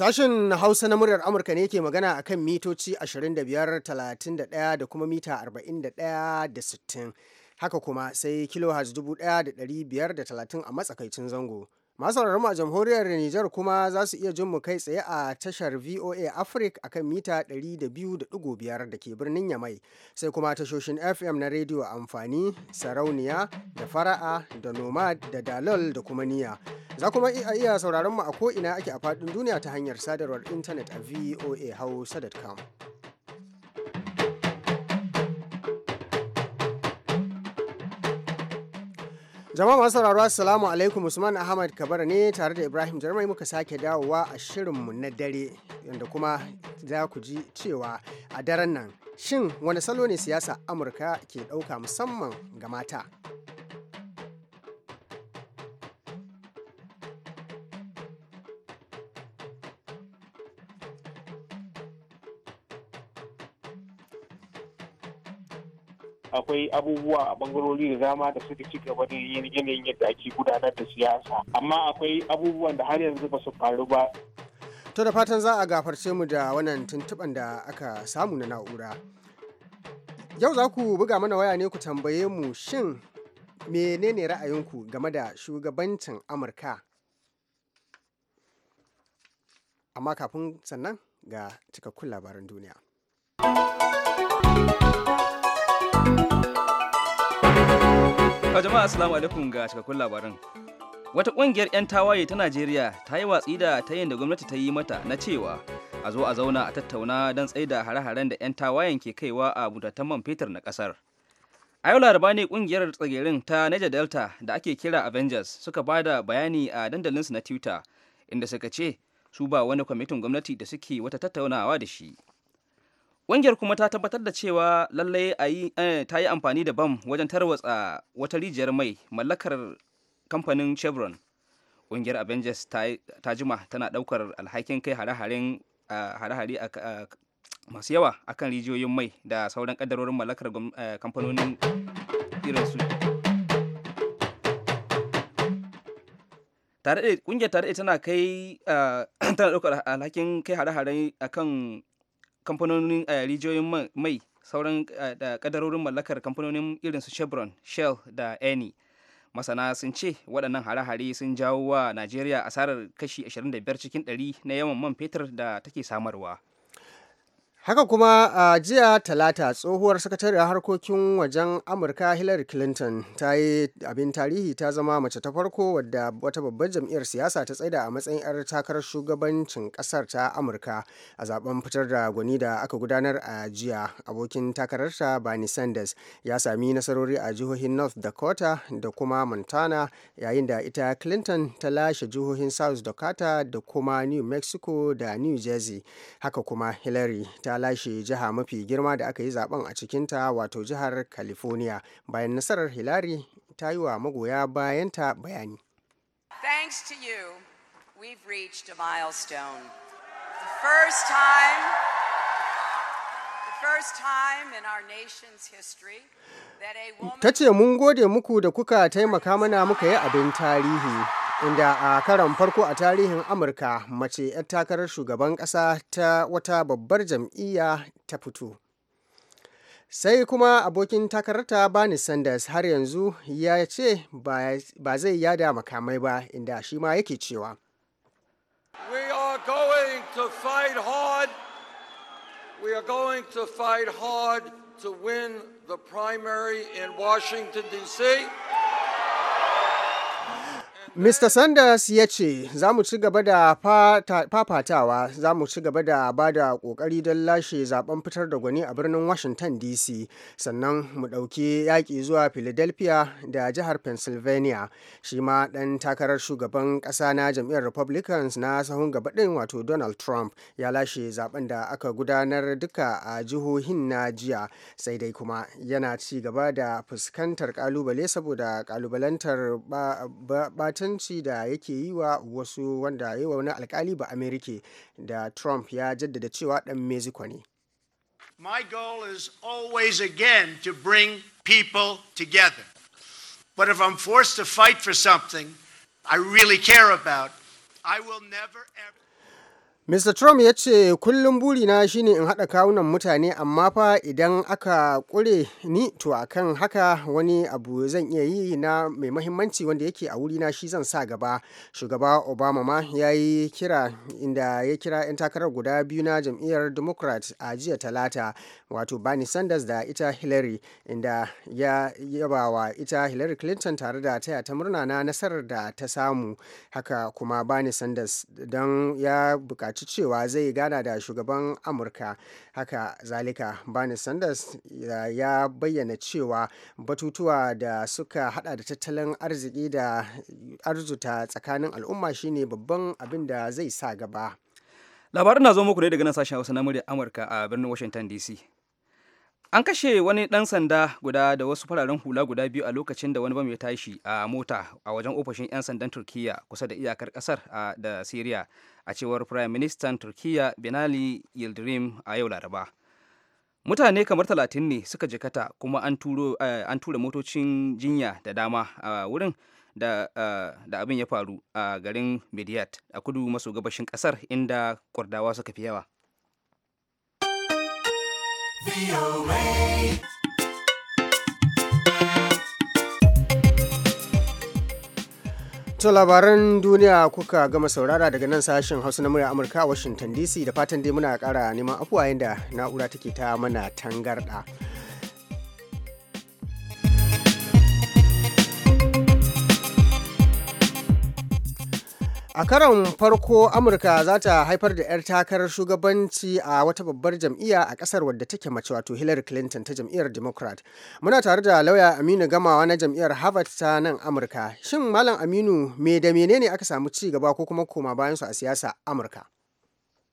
Sashen Hausa na muryar Amurka ne ke magana a kan mitoci 25, 31 da kuma mita 41 da 60. Haka kuma sai kilohertz 1530 a matsakaicin zango. Masu a jamhuriyar Nijar kuma za su iya jin mu kai tsaye a tashar VOA Africa akan mita 200.5 da ke birnin Yamai sai kuma tashoshin FM na rediyo amfani, sarauniya, da fara'a, da nomad, da dalol da kuma niya. Za kuma iya iya sauraron mu a ko'ina ake a faɗin duniya ta hanyar sadarwar intanet a VOA Hausa.com. Jama'a masu sauraro Assalamu alaikum Usman Ahmad kabar ne tare da Ibrahim Jarmai muka sake dawowa a shirinmu na dare yadda kuma za ku ji cewa a daren nan shin wani salo ne siyasa Amurka ke ɗauka musamman ga mata? akwai abubuwa a bangarori da dama da suka ci gaba da yanayin yadda ake gudanar da siyasa amma akwai abubuwan da har yanzu ba su faru ba to da fatan za a gafarce mu da wannan tuntuɓan da aka samu na na'ura yau za ku buga mana waya ne ku tambaye mu shin menene ra'ayinku game da shugabancin amurka amma kafin sannan ga cikakkun labaran duniya. Ka jama'a assalamu alaikum ga cikakkun labarin. Wata kungiyar 'yan tawaye ta Najeriya ta yi watsi da ta yin da gwamnati ta yi mata na cewa a zo a zauna a tattauna don tsaida hare-haren da 'yan tawayen ke kaiwa a butatan man fetur na kasar. A yau laraba ne kungiyar tsagerin ta Niger Delta da ake kira Avengers suka ba da bayani a dandalinsu na Twitter inda suka ce su ba wani kwamitin gwamnati da suke wata tattaunawa da shi. ƙungiyar kuma ta tabbatar da cewa lallai eh, ta yi amfani da bam wajen tarwatsa wata rijiyar mai mallakar kamfanin chevron ƙungiyar avengers ta jima tana ɗaukar alhakin kai hare-hare masu yawa akan rijiyoyin mai da sauran ƙaddarorin mallakar eh, kamfanonin irinsu kungiyar tare tana kai tana ɗaukar alhakin kai hare-hare akan kamfanonin eh, rijiyoyin mai sauran eh, kadarorin mallakar kamfanonin irin su chevron shell da eni masana sun ce waɗannan hare-hare sun jawo wa najeriya asarar kashi 25 cikin 100 na yawan man fetur da take samarwa Haka kuma a jiya talata tsohuwar sakatariyar harkokin wajen Amurka Hillary Clinton ta yi abin tarihi ta zama mace ta farko wadda wata babbar jam'iyyar siyasa ta tsaida a matsayin 'yar takarar shugabancin kasar ta Amurka a zaben fitar da gwani da aka gudanar a jiya. Abokin takararta Bernie Sanders ya sami nasarori a jihohin North Dakota da kuma Montana yayin da ita Clinton ta lashe jihohin South Dakota da kuma New Mexico da New Jersey. Haka kuma Hillary ta ta lashe jiha mafi girma da aka yi zaben a cikinta wato jihar california bayan nasarar hillary ta yi wa magoya bayanta bayani thanks to you we've reached a milestone the first time Ta ce mun gode muku da kuka taimaka mana muka yi abin tarihi inda a karon farko a tarihin amurka mace 'yar takarar shugaban ƙasa ta wata babbar jam'iyya ta fito sai kuma abokin takararta bani sanders har yanzu ya ce ba zai yada makamai ba inda shi ma yake cewa we are to fight hard to to win the primary in washington dc Mr. Sanders ya ce za mu ci gaba da fafatawa za mu ci gaba da ba da ƙoƙari don lashe zaben fitar da gwani a birnin Washington DC sannan mu ɗauki yaƙi zuwa Philadelphia da jihar Pennsylvania shi ma ɗan takarar shugaban ƙasa na jam'iyyar Republicans na sahun gaba wato Donald Trump ya lashe zaben da aka gudanar duka a jihohin na jiya sai dai kuma yana ci gaba da fuskantar ƙalubale saboda ƙalubalantar ba, ba, ba da yake yi wa wasu wanda ya wa wani alkali ba amerika da trump ya jaddada cewa dan mexico ne my goal is always again to bring people together but if i'm forced to fight for something i really care about i will never ever Mr. Trump ya ce kullum burina shine in haɗa kawunan mutane amma fa idan aka ƙure ni to akan haka wani abu zan iya yi na mai mahimmanci wanda yake a wurina shi zan sa gaba. Shugaba Obama ma ya yi kira inda ya kira 'yan takarar guda biyu na jam'iyyar Democrat a jiya talata wato Bernie Sanders da ita Hillary inda ya yaba wa ita Hillary Clinton tare da taya ta murna na nasarar da ta samu haka kuma Bernie Sanders don ya buƙaci ci cewa zai gana da shugaban amurka haka zalika bani sanders ya bayyana cewa batutuwa da suka hada da tattalin arziki da arzuta tsakanin al'umma shine babban abin da zai sa gaba labarin na zo muku ne daga nan sashen hausa na murya amurka a birnin washington dc an kashe wani ɗan sanda guda da wasu fararen hula guda biyu a lokacin da wani bam ya tashi a mota a wajen ofishin 'yan sandan turkiya kusa da iyakar kasar da syria a cewar prime minister turkiya benali yildirim a yau laraba mutane kamar talatin ne suka jikata kuma an tura motocin jinya da dama a wurin da, abin ya faru a garin Mediat a kudu maso gabashin kasar inda kurdawa suka fi yawa To labaran duniya kuka gama saurara daga nan sashen Hausa na murya Amurka a Washington DC da fatan dai muna kara neman afuwa yadda na'ura take ta mana tangarɗa. A karon farko Amurka za ta haifar da 'yar takarar shugabanci a wata babbar jam'iyya a kasar wadda take mace wato Hillary Clinton ta jam'iyyar Democrat. Muna tare da lauya Aminu Gamawa na jam'iyyar Harvard ta nan Amurka. Shin Malam Aminu me da menene aka samu ci gaba ko kuma koma bayan su a siyasa Amurka?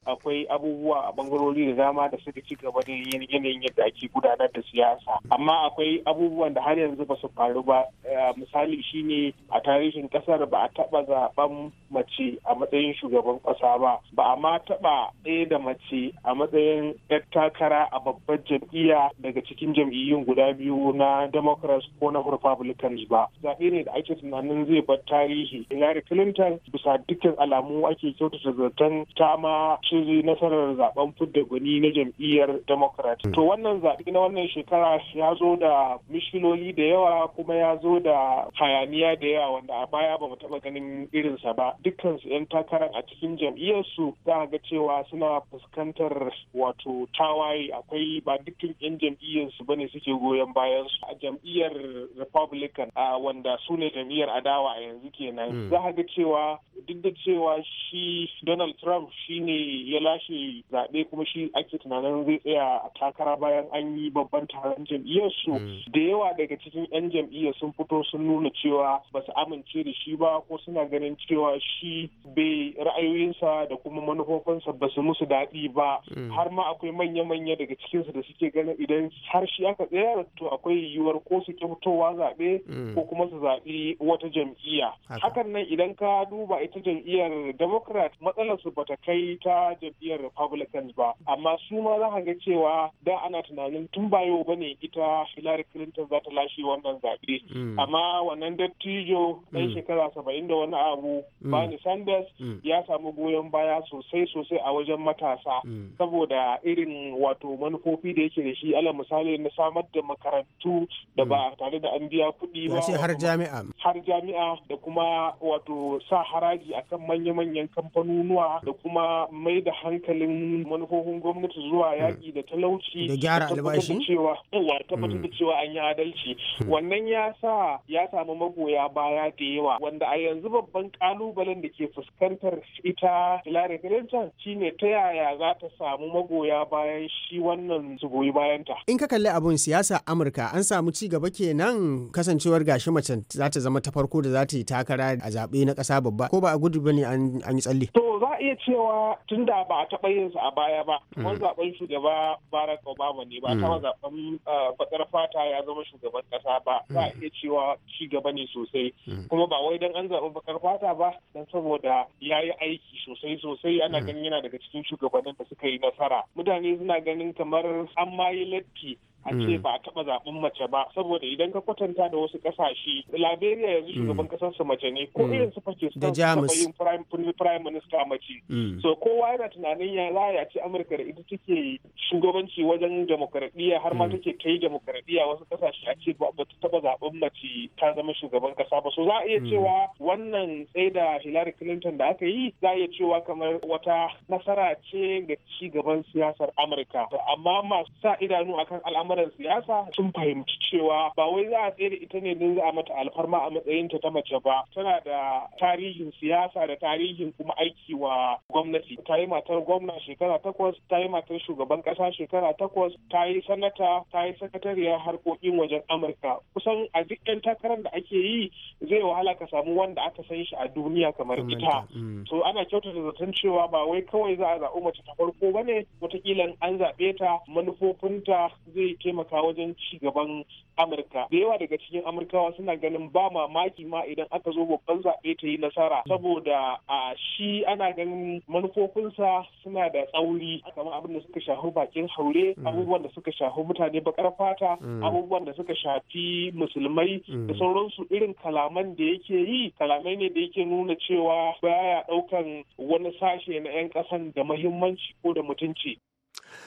akwai abubuwa a bangarori da dama da suka ci gaba da yanayin yadda ake gudanar da siyasa amma akwai abubuwan da har yanzu ba su faru ba eh, misali shine a tarihin kasar ba a taba zaben mace a matsayin shugaban kasa ba ba a ma taba ɗaya da mace a matsayin yar takara a babbar jam'iyya daga cikin jam'iyyun guda biyu na democrats ko na republicans ba zaɓe ne da ake tunanin zai bar tarihi hillary clinton bisa dukkan alamu ake kyautata zaton ta ma ce sun yi nasarar zaben fidda gwani na jam'iyyar democrat to wannan zaɓe na wannan shekara ya zo da mishinoli da yawa kuma ya zo da hayaniya da yawa wanda a baya ba mu taɓa ganin irinsa ba dukkan su 'yan takarar a cikin jam'iyyarsu za a ga cewa suna fuskantar wato tawaye akwai ba dukkan 'yan jam'iyyarsu bane suke goyon bayan su a jam'iyyar republican a wanda su ne jam'iyyar adawa a yanzu kenan hmm. za a ga cewa duk da cewa shi donald trump shine ya lashe zaɓe kuma shi ake tunanin zai tsaya a takara bayan an yi babban taron jam'iyyar su hmm. da yawa daga cikin 'yan jam'iyyar sun fito sun nuna cewa ba su amince da shi ba ko suna ganin cewa shi bai ra'ayoyinsa da kuma manufofinsa ba su musu daɗi ba hmm. har ma akwai manya-manya daga cikinsu da suke ganin idan har shi aka tsaya to akwai yiwuwar ko su ke fitowa zaɓe hmm. ko kuma su zaɓi wata jam'iyya hakan nan idan ka duba ita jam'iyyar democrat matsalar su bata kai ta jam'iyyar Republicans ba. Amma su ma za ga cewa da ana tunanin tun ba yau bane ita Hillary Clinton za ta lashe wannan zaɓe. Mm. Amma wannan dattijo ɗan mm. shekara saba'in da wani abu mm. Bernie Sanders ya samu goyon baya sosai sosai a wajen matasa saboda irin wato manufofi da yake da shi ala misali na samar da makarantu da ba tare da an biya kuɗi ba. har jami'a. Har jami'a da kuma wato sa haraji akan manya-manyan kamfanonuwa da kuma mai da hankalin manufofin gwamnati zuwa hmm. yaƙi da talauci da gyara albashi cewa tabbatar da hmm. cewa an yi adalci hmm. wannan ya sa ya samu magoya baya da yawa wanda a yanzu babban kalubalen da ke fuskantar ita Hillary Clinton shine ta yaya za ta samu magoya bayan shi wannan su goyi bayanta in ka kalli abun siyasa Amurka an samu ci gaba kenan kasancewar gashi mace za ta zama ta farko da za ta yi takara a zaɓe na ƙasa babba ko ba a gudu bane an yi tsalle to za a iya cewa tun wanda ba a taɓa yin su a baya ba mm. kuma zaben shugaba barack obama ne ba mm. taɓa zaben uh, bakar fata ya zama shugaban kasa ba mm. za a iya cewa ci gaba ne sosai kuma ba wai dan an zaɓi bakar fata ba dan saboda ya yi aiki sosai sosai ana ganin yana daga cikin shugabannin da suka yi nasara mutane suna ganin kamar an ma yi latti a ce hmm. ba a taba zaɓen mace ba saboda idan ka kwatanta da wasu kasashe Liberia yanzu hmm. shugaban ƙasar su mace ne ko hmm. irin su Pakistan su yin prime minister mace so kowa yana tunanin ya laya ce Amurka da ita take shugabanci wajen demokradiyya har ma take kai demokradiyya wasu kasashe a ce ba ta taba zaɓen mace ta zama shugaban kasa ba so za a iya cewa wannan tsaida Hillary Clinton da aka yi za a iya cewa kamar wata nasara ce ga ci gaban siyasar Amurka amma masu sa idanu akan al'amura al'amuran siyasa sun fahimci cewa ba wai za a tsere ita ne don za a mata alfarma a matsayinta ta mace ba tana da tarihin siyasa da tarihin kuma aiki wa gwamnati ta yi matar gwamna shekara takwas ta yi matar shugaban kasa shekara takwas ta yi sanata ta yi sakatariyar harkokin wajen amurka kusan a duk yan takarar da ake yi zai wahala ka samu wanda aka san shi a duniya kamar ita so mm. ana kyautata zaton cewa ba wai kawai za a zaɓi mace ta farko ba ne watakila an zaɓe ta manufofinta zai taimaka wajen ci gaban amurka da yawa daga cikin amurkawa suna ganin ba mamaki ma idan aka zo babban zaɓe ta yi nasara saboda a shi ana ganin manufofinsa suna da tsauri kamar abin da suka shafi bakin haure mm. abubuwan da suka shafi mutane bakar fata mm. abubuwan da suka shafi musulmai da mm. sauransu irin kalaman da yake yi kalamai ne da yake nuna cewa baya ɗaukan wani sashe na 'yan ƙasan da mahimmanci ko da mutunci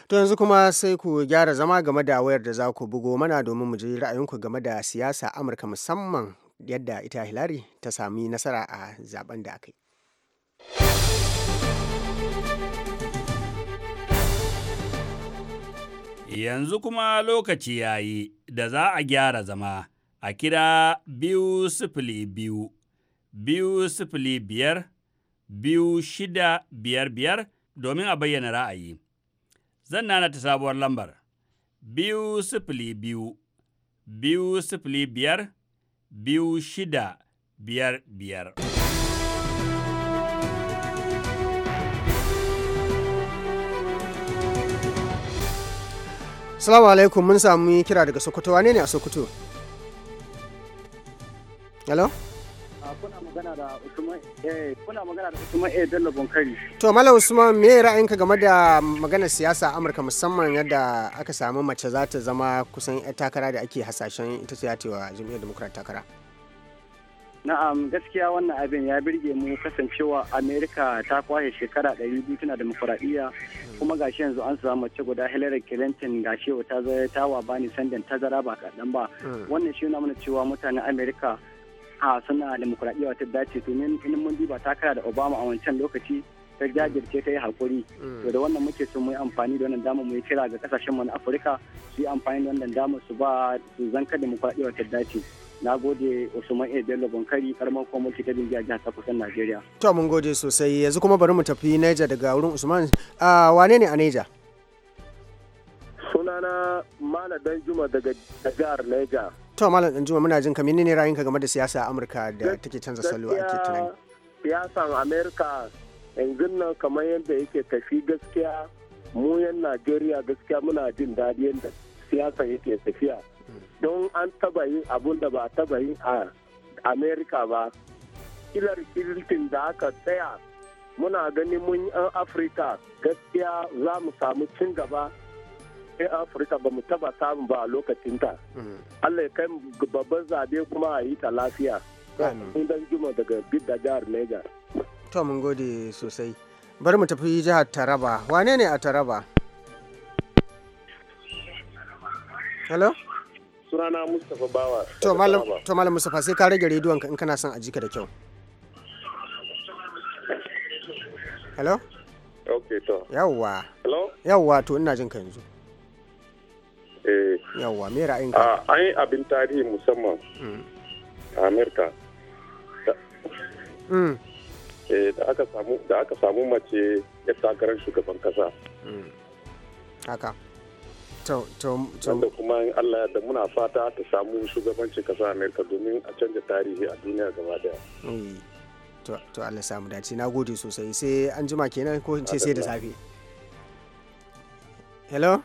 To yanzu kuma sai ku gyara zama game da wayar da za ku bugo mana domin mu ji ra'ayinku game da siyasa Amurka musamman yadda ita hilari ta sami nasara a zaben da aka yi. Yanzu kuma lokaci ya yi da za a gyara zama a kira biyu sifili biyu, biyu sifili biyar, biyu shida biyar biyar domin a bayyana ra'ayi. Zan nana ta sabuwar lambar biyu sifili biyu, biyu sifili biyar, biyu shida biyar biyar. Salamu alaikum mun samu kira daga Sokoto, wane ne a Sokoto? Hello? kuna magana da Usman eh kuna magana da Usman eh Bello Bonkari. To Malam Usman me ra'ayinka game da magana siyasa a Amurka musamman yadda aka samu mace za ta zama kusan yar takara da ake hasashen ita ce wa Jami'ar Democrat takara? Na'am gaskiya wannan abin ya birge mu kasancewa Amerika ta kwashe shekara ɗari biyu tana demokuraɗiyya kuma gashi yanzu an samu mace guda Hillary Clinton gashi ta zai tawa bani sandan tazara ba kaɗan ba hmm. wannan shi mana cewa mutanen Amerika a suna demokuraɗiyya wata dace domin in mun duba takara da obama a wancan lokaci ta jajirce ta yi hakuri mm. to da wannan muke son mu yi amfani da wannan damar mu yi kira ga kasashen mu na afirka su yi amfani da wannan damar su ba su zanka demokuraɗiyya wata dace na gode usman a bello bankari karamar mulki ta bindiya jihar ta kusan najeriya to mun gode sosai yanzu kuma bari mu tafi neja daga wurin usman wane ne a neja sunana maladan juma daga jihar neja to malam danjuma muna jin ka menene ra'ayinka game da siyasa amurka da take canza salo ke tunani siyasan amerika yanzu nan kamar yadda yake tafi gaskiya mu yan najeriya gaskiya muna jin daɗi yadda siyasa yake tafiya don an taba yin abun da ba taba yin a amerika ba kilar kiltin da aka tsaya muna gani mun yan afirka gaskiya za mu samu cin gaba 'yan afirka ba mu taba samu ba a ta mm. allah ya kai babban zabe kuma a yi ta lafiya dan juma daga bidda jihar niger to mun gode sosai bari mu tafi jihar taraba wane ne a taraba hello sunana mustapha bawa to malam to malam mustapha sai ka rage rediyon ka in kana son a jika da kyau hello to yawwa hello yawwa to ina jin ka yanzu Eh, yawa me ra'ayinka an yi abin tarihi musamman a amerika da mm. eh, aka samu mace ya takarar shugaban kasa mm. haka wanda kuma Allah da muna fata ta samu shugabancin kasa amerika domin a canja tarihi a duniya gaba daya to Allah samu dace na gode sosai sai an jima kenan ko in ce sai da safe hello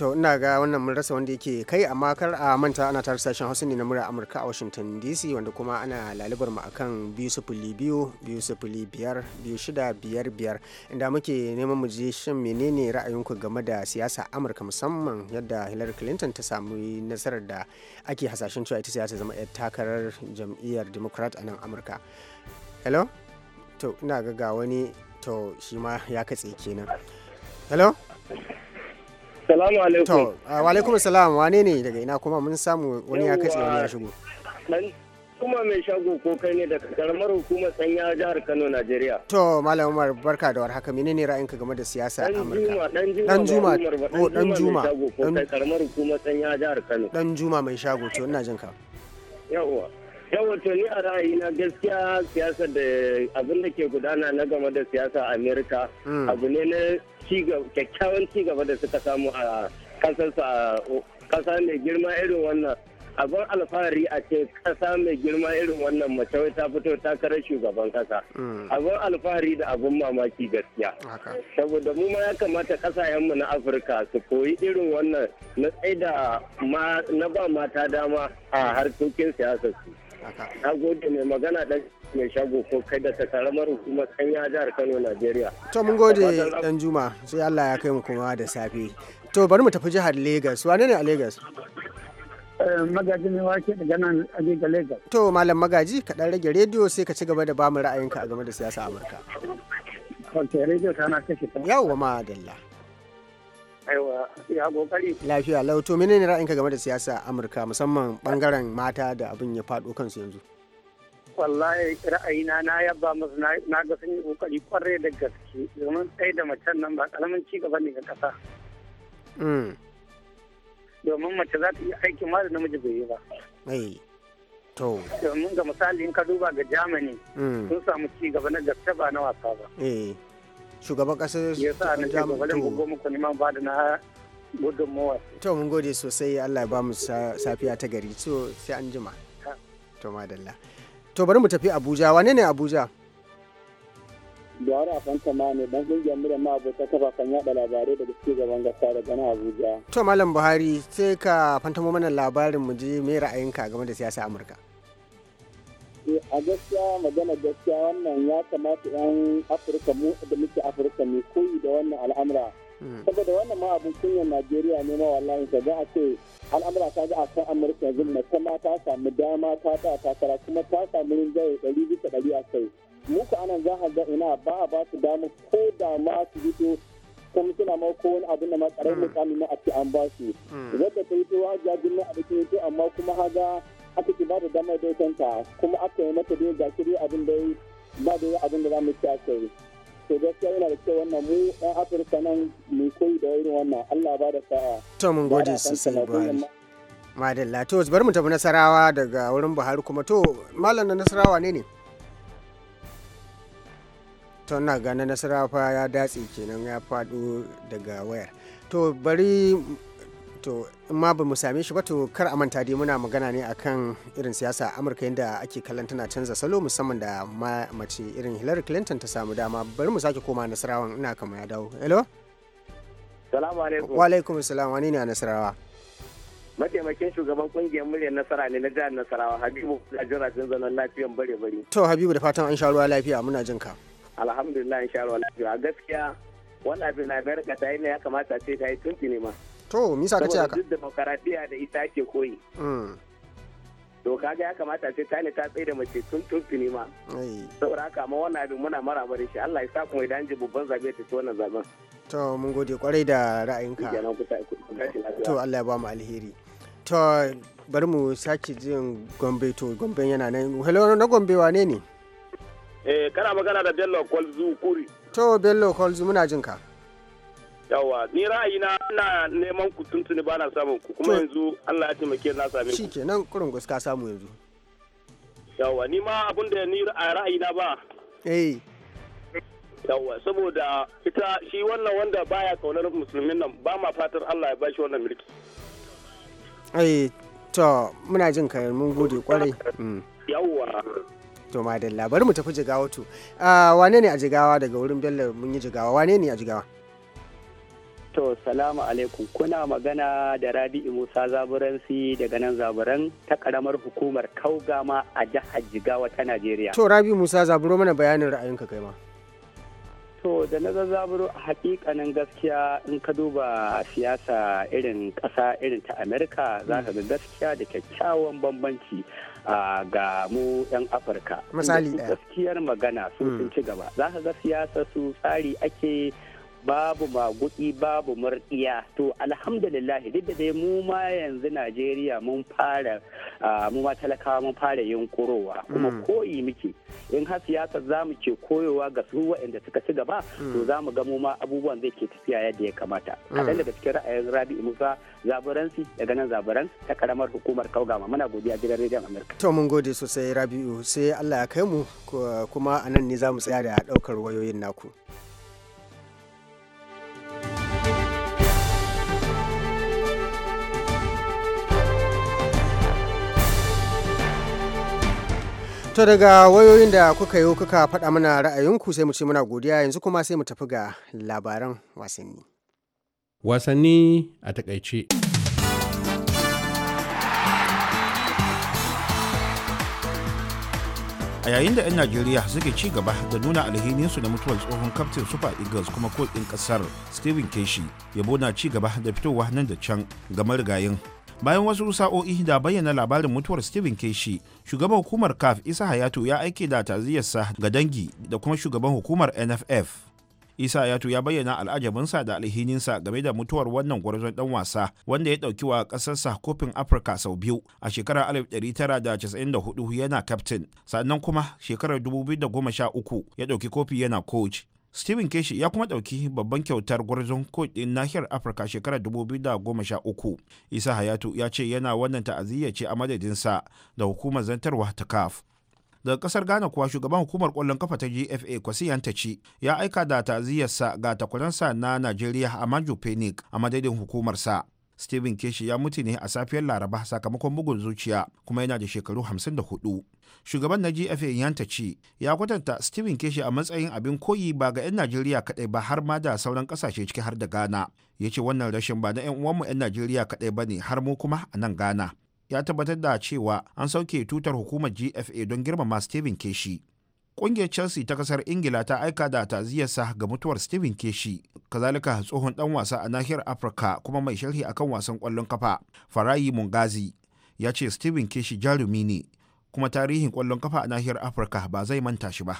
to ina ga wannan mun rasa wanda yake kai amma kar a manta ana tare sashen hausa ne na mura amurka a washington dc wanda kuma ana lalibar mu akan biyu sufuli biyu biyu sufuli biyar biyu shida biyar biyar inda muke neman mu je shin menene ra'ayinku game da siyasa amurka musamman yadda hillary clinton ta samu nasarar da ake hasashen cewa ita siyasa zama yar takarar jam'iyyar democrat a nan amurka hello to ina ga ga wani to shi ma ya katse kenan hello Salamu alaikum. Wa alaikum wane ne daga ina kuma mun samu wani ya kace wani ya shigo. Dan kuma mai shago ko kai ne daga karamar hukumar sanya jihar Kano Najeriya. To Malam Umar barka da warhaka menene ra'ayinka game da siyasa a Amurka? Dan Juma dan Juma dan Juma karamar hukuma sanya jihar Kano. Dan Juma mai shago to ina jin ka. Yawwa. yawanci ni a ra'ayina gaskiya siyasa da abin da ke gudana na game da siyasa amerika hmm. abu ne na kyakkyawan cigaba da suka samu a kasa mai girma irin wannan abin alfahari a ce kasa mai girma irin wannan mace wai ta fito ta takarar shugaban kasa hmm. abin alfahari da abin mamaki gaskiya saboda mu ma ya kamata mu na afirka su koyi irin wannan na tsaida na ba mata dama a harkokin siyasar su Na gode mai magana dan mai shago ko kai da takaramar hukumar kanya jihar Kano Najeriya. To mun gode dan Juma sai Allah ya kai mu kuma da safe. To bari mu tafi jihar Lagos. Wane ne a Lagos? Eh, magaji ne wake Lagos. To malam magaji ka dan rage rediyo sai ka ci gaba da bamu ra'ayinka a game da siyasa Amurka. Ok, rediyo ta kashe Yawwa ma Aiwa, ya kokari. Lafiya, lau to menene ra'ayinka game da siyasa Amurka musamman bangaren mata da abin ya faɗo kansu yanzu? Wallahi ra'ayina na yabba musu na ga sun yi kokari kwarai da gaske domin tsaye da macen nan ba kalamin ci gaba ne ga ƙasa. Mm. Domin mace za ta yi aikin ma da namiji bai yi ba. To. Domin ga misali in ka duba ga Germany mm. sun samu ci gaba na gaske ba na wasa ba. Eh. shugaban kasar gudunmawa. To mun gode sosai Allah ba mu safiya ta gari so sai an jima. To madalla. To bari mu tafi Abuja wane ne Abuja? Buhari fanta ma ne dan kungiyar mura ma abota kafafen yada labarai da suke gaban gasa da gana Abuja. To Malam Buhari sai ka fantamo mana labarin mu je me ra'ayinka game da siyasa Amurka. Eh, a gaskiya magana gaskiya wannan ya kamata 'yan afirka mu da muke afirka ne koyi da wannan al'amura hmm. saboda wannan ma abin kunyar najeriya ne ma wallahi ka ga a ce al'amura ta ga a kan amurka yanzu mace ma ta samu dama ta ta takara kuma ta samu rinjaye ɗari bisa ɗari a kai muka anan za a ga ina ba a ba su dama ko da ma su fito kuma suna ma ko wani abin da ma ƙarar hmm. mutane na a ce an ba su hmm. wadda ta yi to wajiya na a da ke amma kuma haga aka ki ba da damar daukanta kuma aka yi mata biyu gashi dai abin da ba da abin da za mu ci aka yi to gaskiya yana da kyau wannan mu ɗan afirka nan mu koyi da irin wannan allah ba da sa'a to mun gode sosai buhari madalla to bari mu tafi nasarawa daga wurin buhari kuma to malam na nasarawa ne ne to na ga na nasarawa fa ya datse kenan ya faɗo daga wayar to bari to in ma ba mu same shi ba to kar a manta dai muna magana ne akan irin siyasa amurka yadda ake kallon tana canza salo musamman da mace irin hillary clinton ta samu dama bari mu sake koma nasarawa ina kama ya dawo hello salamu alaikum wa alaikum salam wani ne a nasarawa mataimakin shugaban kungiyar muryar nasara ne na jihar nasarawa habibu da sun zanen lafiyan bare bare to habibu da fatan an sha ruwa lafiya muna jin ka alhamdulillah an sha ruwa lafiya gaskiya wannan abin na america ta yi ne ya kamata ce ta yi ne ma to misa ka ce haka duk demokaradiyya da ita ake koyi mm. to kaga ya kamata ta ne ta tsaye da mace tun tuntuni ma saboda haka amma wannan abin muna mara da shi Allah ya sa kuma idan ji babban zabe ta ci wannan zaben to mun gode kwarai da ra'ayinka to Allah ya ba mu alheri to bari mu sake jin gombe to gombe yana nan hello na gombe wane ne eh kana magana da Bello Kolzu Kuri to Bello Kolzu muna jin ka yawa ni ra'ayina ina neman ku tuntuni ba na samun ku kuma yanzu Allah ya taimake na same ku shikenan kurin gaska samu yanzu yawa ni ma abin da ni a ra'ayina ba eh yawa saboda ita shi wannan wanda baya kaunar musulmin nan ba ma fatar Allah ya bashi wannan mulki eh to muna jin ka mun gode kwarai mm. yawa to madalla bari mu tafi jigawa to ah, wane ne a jigawa daga wurin bello mun yi jigawa wane ne a jigawa To, salamu alaikum. Kuna magana da Rabi'u Musa Zaburansi daga nan Zaburan ta karamar hukumar Kaugama a jihar Jigawa ta Najeriya. To, Rabi'u Musa Zaburo mana bayanin ra'ayinka kai ma. To, da na zaburo a hakikanin gaskiya in ka duba siyasa irin ƙasa irin ta Amerika za ka ga mm. gaskiya da kyakkyawan bambanci. ga mu 'yan afirka misali ɗaya. gaskiyar magana sun mm. ci gaba za ka ga siyasa su tsari ake babu maguɗi babu murkiya to alhamdulillah duk da dai mu ma yanzu najeriya mun fara mu ma talakawa mun fara yunkurowa kuma mm. koyi muke in har siyasa za mu ke koyowa ga su waɗanda suka ci gaba to mm. za mu ga mu ma abubuwan zai ke tafiya yadda ya kamata mm. kaɗan daga cikin ra'ayin rabi'u musa zaburansi daga nan zaburan ta karamar hukumar kaugama muna godiya gidan rediyon amurka to mun gode sosai rabi'u sai allah ya kai mu kuma a nan ne za mu tsaya da ɗaukar wayoyin naku. To daga wayoyin da kuka yi kuka faɗa mana ra'ayinku sai mu ce muna godiya yanzu kuma sai mu tafi ga labaran wasanni. Wasanni a takaice. a yayin da 'yan najeriya suke ci gaba da nuna alhininsu da mutuwar tsohon kaftin super eagles kuma kotun kasar steven keshi yabo na ci gaba da fitowa nan da can ga marigayin bayan wasu sa'o'i da bayyana labarin mutuwar stephen keshi shugaban hukumar caf isa hayatu ya aike da taziyarsa ga dangi da kuma shugaban hukumar nff isa hayatu ya bayyana al'ajabinsa da alhininsa game da mutuwar wannan gwarzon dan wasa wanda ya dauki wa kasarsa kofin afirka sau biyu a shekarar 1994 yana captain sannan kuma shekarar 2013 ya dauki kofi yana coach Stephen Keshi ya kuma ɗauki babban kyautar gwarzon kudin nahiyar Afirka shekarar 2013. Isa Hayatu ya ce yana wannan ta'aziyya ce a madadinsa da hukumar zantarwa ta CAF. Daga kasar Ghana kuwa shugaban hukumar kwallon kafa ta GFA Kwasi Yantaci ya aika da ta'aziyyarsa ga takwaransa na Najeriya a Maju Phoenix a madadin hukumarsa. Stephen Keshi ya mutu ne a safiyar Laraba sakamakon bugun zuciya kuma yana da shekaru 54. shugaban na gfa yanta ce ya kwatanta stephen keshi a matsayin abin koyi ba ga 'yan najeriya kadai ba har ma da sauran kasashe ciki har da ghana ya ce wannan rashin ba na 'yan uwanmu 'yan najeriya kadai ba ne har mu kuma a nan ghana ya tabbatar da cewa an sauke tutar hukumar gfa don girmama stephen keshi kungiyar chelsea ta kasar ingila ta aika da taziyarsa ga mutuwar stephen keshi kazalika tsohon dan wasa a nahiyar afirka kuma mai sharhi akan wasan kwallon kafa farayi mungazi ya ce stephen keshi jarumi ne kuma tarihin kwallon kafa a nahiyar afirka ba zai manta shi ba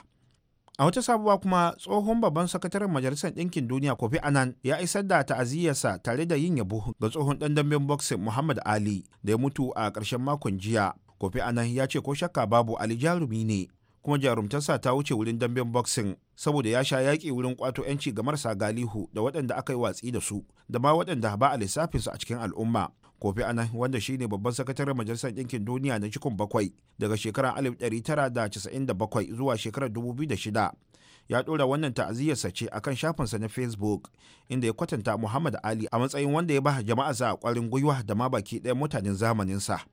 a wata sabuwa kuma tsohon babban sakataren majalisar ɗinkin duniya kofi anan ya isar da ta'aziyyarsa tare da yin yabo ga tsohon ɗan damben boxing muhammad ali da ya mutu a ƙarshen makon jiya kofi anan ya ce ko shakka babu ali jarumi ne kuma jarumtarsa ta wuce wurin damben boxing saboda ya sha yaƙi wurin ƙwato 'yanci ga marasa galihu da waɗanda aka yi watsi da su da ma waɗanda ba a lissafinsu a cikin al'umma kofi anan wanda shine babban sakataren majalisar ɗinkin duniya na cikin bakwai daga shekarar 1997 zuwa shekarar 2006 ya ɗora wannan ta'aziyyarsa ce akan shafinsa na facebook inda ya kwatanta muhammad ali a matsayin wanda ya ba jama'arsa a ƙwarin gwiwa da ma baki ɗaya mutanen zamaninsa.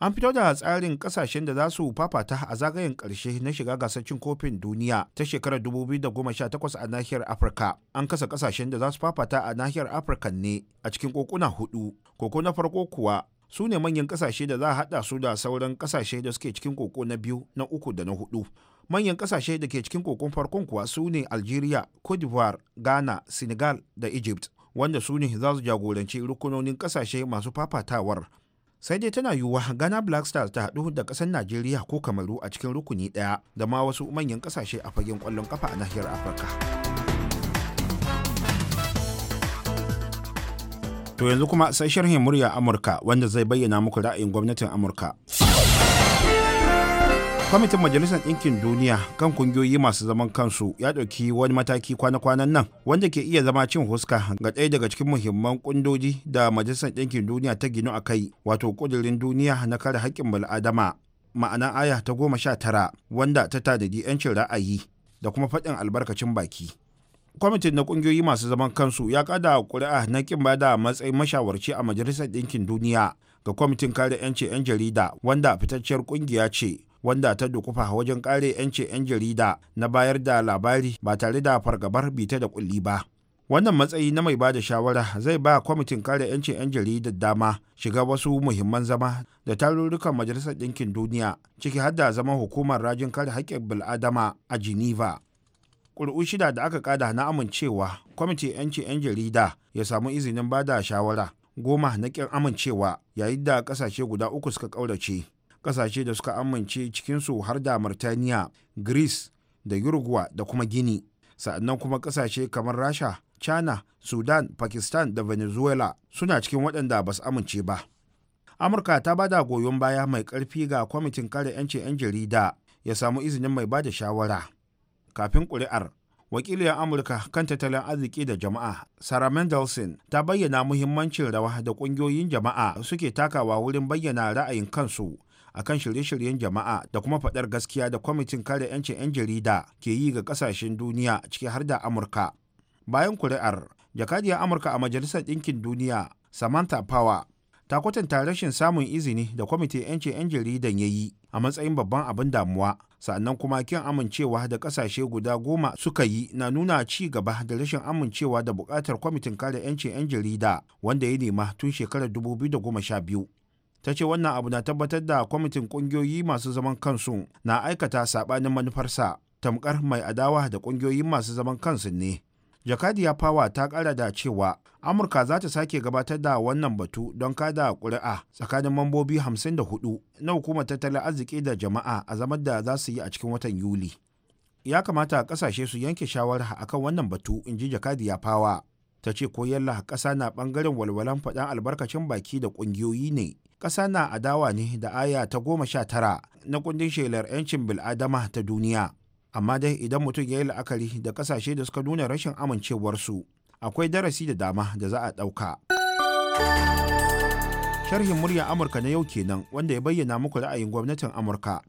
an fito da tsarin kasashen da za su fafata a zagayen karshe na shiga gasar cin kofin duniya ta shekarar 2018 a nahiyar afirka an kasa kasashen da za su fafata a nahiyar afirka ne a cikin kokuna hudu koko na farko kuwa su ne manyan kasashe da za a hada su da sauran kasashe da suke cikin koko na biyu na uku da na hudu manyan kasashe da ke cikin kokon farkon kuwa su ne algeria cote d'ivoire ghana senegal da egypt wanda su ne za su jagoranci rukunonin kasashe masu fafatawar sai dai tana yiwuwa ghana black stars ta haɗu da ƙasar najeriya ko kamaru a cikin rukuni ɗaya da ma wasu manyan ƙasashe a fagen ƙwallon kafa a nahiyar afirka to yanzu kuma sai sharhin murya amurka wanda zai bayyana muku ra'ayin gwamnatin amurka kwamitin majalisar ɗinkin duniya kan kungiyoyi masu zaman kansu ya ɗauki wani mataki kwana-kwanan nan wanda ke iya zama cin huska ga ɗaya daga cikin muhimman kundoji da majalisar ɗinkin duniya ta ginu a kai wato ƙudurin duniya na kare haƙƙin bal'adama ma'ana aya ta goma sha tara wanda ta tadadi 'yancin ra'ayi da kuma faɗin albarkacin baki kwamitin na ƙungiyoyi masu zaman kansu ya kada ƙuri'a na kin bada matsayin mashawarci a majalisar ɗinkin duniya ga kwamitin kare 'yancin 'yan jarida wanda fitacciyar kungiya ce wanda ta dukufa wajen kare 'yancin 'yan jarida na bayar da labari ba tare da fargabar bita da kulli ba wannan matsayi na mai ba da shawara zai ba kwamitin kare 'yancin 'yan jaridar dama shiga wasu muhimman zama da tarurrukan majalisar ɗinkin duniya ciki har da zaman hukumar rajin kare haƙƙin bil'adama a geneva ƙuri'u shida da aka kada na amincewa kwamitin 'yancin 'yan jarida ya samu izinin ba da shawara goma na ƙin amincewa yayin da ƙasashe guda uku suka ƙaurace kasashe da suka amince cikinsu har da Murtaniya, Greece da Uruguay da kuma Gini. Sa'annan kuma kasashe kamar Rasha, China, Sudan, Pakistan da Venezuela suna cikin waɗanda ba su amince ba. Amurka ta ba da goyon baya mai ƙarfi ga kwamitin kare 'yancin 'yan jarida ya samu izinin mai ba da shawara. Kafin ƙuri'ar, wakiliyar amurka kan tattalin arziki da jama'a sarah mendelson ta bayyana muhimmancin rawa da ƙungiyoyin jama'a suke takawa wurin bayyana ra'ayin kansu a kan shirye-shiryen jama'a da kuma faɗar gaskiya da kwamitin kare 'yancin 'yan jarida ke yi ga ƙasashen duniya ciki har da amurka bayan kuri'ar jakadiyar amurka a majalisar ɗinkin duniya samantha power ta kwatanta rashin samun izini da kwamitin 'yancin 'yan jaridan ya yi a matsayin babban abin damuwa sannan kuma kin amincewa da ƙasashe guda goma suka yi na nuna ci gaba da rashin amincewa da buƙatar kwamitin kare 'yancin 'yan jarida wanda ya nema tun shekarar 2012 ta ce wannan abu na tabbatar da kwamitin kungiyoyi masu zaman kansu na aikata saɓanin manufarsa tamkar mai adawa da kungiyoyin masu zaman kansu ne jakadiya fawa ta ƙara da cewa amurka za ta sake gabatar da wannan batu don kada ƙuri'a tsakanin mambobi 54 na hukumar tattalin arziki da jama'a a zamar da za su yi a cikin watan yuli ya kamata ƙasashe su yanke shawara akan wannan batu in ji jakadiya fawa ta ce ko ƙasa na ɓangaren walwalan faɗan albarkacin baki da ƙungiyoyi ne ƙasa na adawa ne da aya ta goma sha tara na kundin shelar 'yancin bil'adama ta duniya amma dai idan mutum ya yi la'akari da ƙasashe da suka nuna rashin amincewarsu akwai darasi da dama da za a ɗauka. sharhin muryar amurka na yau kenan wanda ya bayyana muku ra'ayin gwamnatin amurka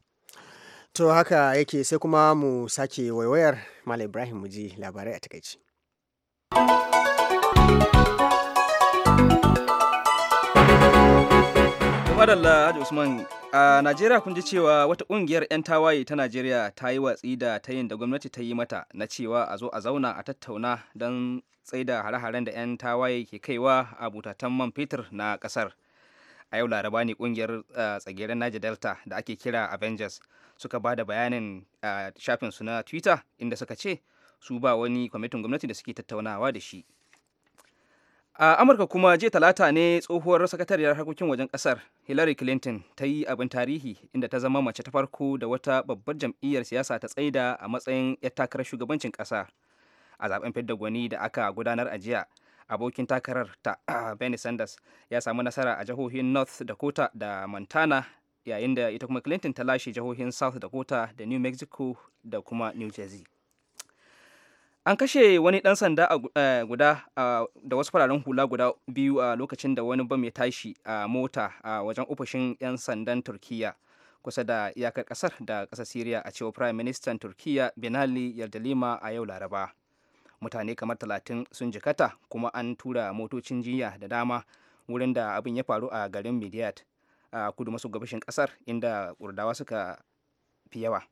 to haka yake sai kuma mu sake waiwayar malam ibrahim mu ji labarai a takaici madalla Haji Usman a Najeriya kun ji cewa wata kungiyar 'yan tawaye ta Najeriya ta yi watsi da yin da gwamnati ta yi mata na cewa a zo a zauna a tattauna don tsaida hare-haren da 'yan tawaye ke kaiwa a butatan man fetur na kasar. A yau laraba ne kungiyar tsageren Niger Delta da ake kira Avengers suka ba da bayanin a su na Twitter inda suka ce su ba wani kwamitin gwamnati da suke tattaunawa da shi. a amurka kuma jiya talata ne tsohuwar sakatariyar harkokin wajen kasar hillary clinton ta yi abin tarihi inda ta zama mace ta farko da wata babbar jam'iyyar siyasa ta tsaida a matsayin 'yar takarar shugabancin kasa a zaben fidda gwani da aka gudanar a jiya abokin takarar ta ah, bernie sanders ya samu nasara a jihohin north dakota da montana yayin da ita kuma clinton ta lashe jihohin south dakota da new mexico da kuma new jersey an kashe wani dan sanda eh, guda da wasu fararen hula guda biyu a lokacin da wani bam ya tashi a mota a wajen ofishin 'yan sandan turkiya kusa da iyakar kasar da kasar syria a cewa prime minister turkiya benali yardalima a yau laraba mutane kamar talatin sun jikata kuma an tura motocin jinya da dama wurin da abin ya faru a garin midiyat a kudu maso gabashin kasar inda kurdawa suka fi yawa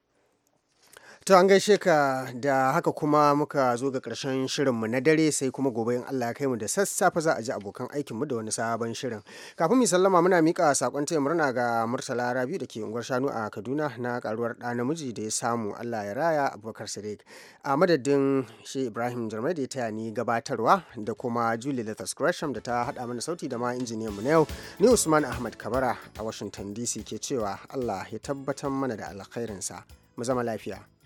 To an gaishe ka da haka kuma muka zo ga ƙarshen shirinmu na dare sai kuma gobe in Allah ya kai mu da sassafe za a ji abokan aikinmu da wani sabon shirin. Kafin mu sallama muna mika sakon taya murna ga Murtala Rabi da ke unguwar Shanu a Kaduna na karuwar ɗa namiji da ya samu Allah ya raya Abubakar Sadiq. A madadin shi Ibrahim Jarmai da ya taya ni gabatarwa da kuma Julie Lathas Gresham da ta haɗa mana sauti da ma injiniyan mu na yau. Ni Usman Ahmad Kabara a Washington DC ke cewa Allah ya tabbatar mana da alkhairinsa. Mu zama lafiya.